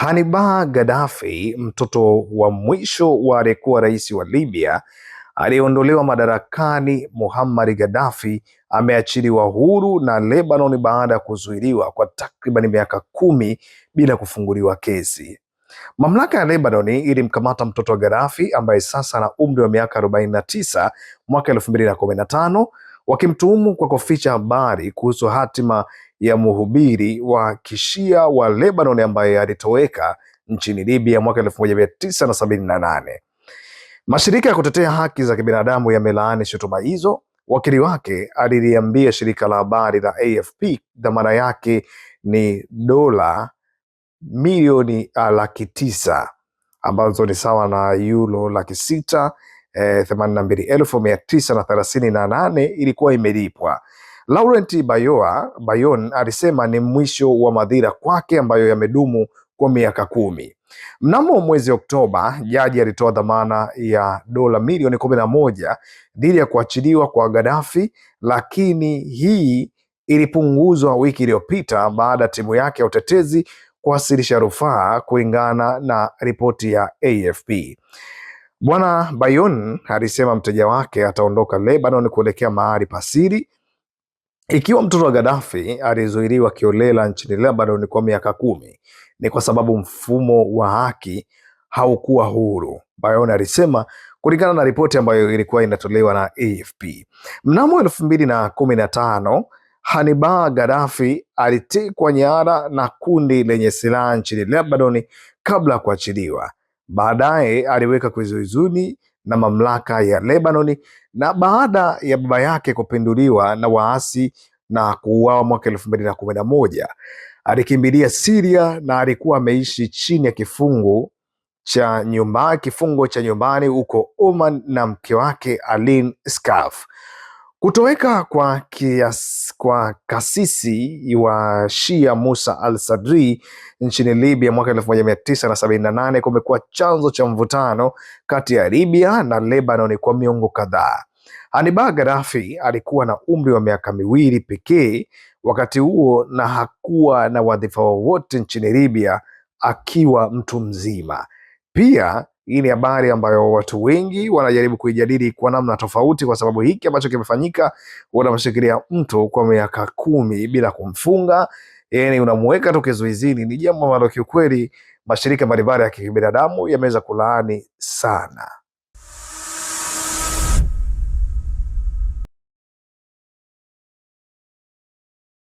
Haniba Gaddafi, mtoto wa mwisho wa aliyekuwa rais wa Libya aliyeondolewa madarakani muhammad Gaddafi, ameachiliwa huru na Lebanon baada ya kuzuiliwa kwa takriban miaka kumi bila kufunguliwa kesi. Mamlaka ya Lebanon ilimkamata mtoto wa Gaddafi ambaye sasa ana umri wa miaka 49 mwaka 2015 wakimtuhumu kwa kuficha habari kuhusu hatima ya mhubiri wa kishia wa Lebanon ambaye alitoweka nchini Libya mwaka elfu moja mia tisa na sabini na nane. Mashirika ya kutetea haki za kibinadamu yamelaani shutuma hizo. Wakili wake aliliambia shirika la habari la AFP dhamana yake ni dola milioni ah, laki tisa ambazo ni sawa na yulo laki sita eh, themanini na mbili elfu mia tisa na thelathini na nane ilikuwa imelipwa. Laurent Bayoa, Bayon alisema ni mwisho wa madhira kwake ambayo yamedumu kwa miaka kumi. Mnamo mwezi Oktoba, jaji alitoa dhamana ya dola milioni kumi na moja dhidi ya kuachiliwa kwa Gaddafi, lakini hii ilipunguzwa wiki iliyopita baada ya timu yake ya utetezi kuwasilisha rufaa, kulingana na ripoti ya AFP. Bwana Bayon alisema mteja wake ataondoka Lebanon kuelekea mahali pasiri ikiwa mtoto wa Gaddafi alizuiliwa kiolela nchini Lebanon kwa miaka kumi ni kwa sababu mfumo wa haki haukuwa huru, Bayon alisema kulingana na ripoti ambayo ilikuwa inatolewa na AFP. Mnamo elfu mbili na kumi na tano Hannibal Gaddafi alitekwa nyara na kundi lenye silaha nchini Lebanon kabla ya kuachiliwa. Baadaye aliweka kizuizuni na mamlaka ya Lebanoni na baada ya baba yake kupinduliwa na waasi na kuuawa mwaka elfu mbili na kumi na moja alikimbilia Siria na alikuwa ameishi chini ya kifungo cha nyumba, kifungo cha nyumbani huko Oman na mke wake Aline scaf Kutoweka kwa, kias, kwa kasisi wa Shia Musa al Sadri nchini Libya mwaka elfu na nane kumekuwa chanzo cha mvutano kati ya Libya na Lebanon kwa miongo kadhaa. Hannibal Gaddafi alikuwa na umri wa miaka miwili pekee wakati huo na hakuwa na wadhifa wowote nchini Libya akiwa mtu mzima. Pia hii ni habari ambayo watu wengi wanajaribu kuijadili kwa namna tofauti, kwa sababu hiki ambacho kimefanyika, unamshikilia mtu kwa miaka kumi bila kumfunga, yani unamuweka tu kizuizini, ni jambo ambalo kiukweli mashirika mbalimbali ya kibinadamu yameweza kulaani sana.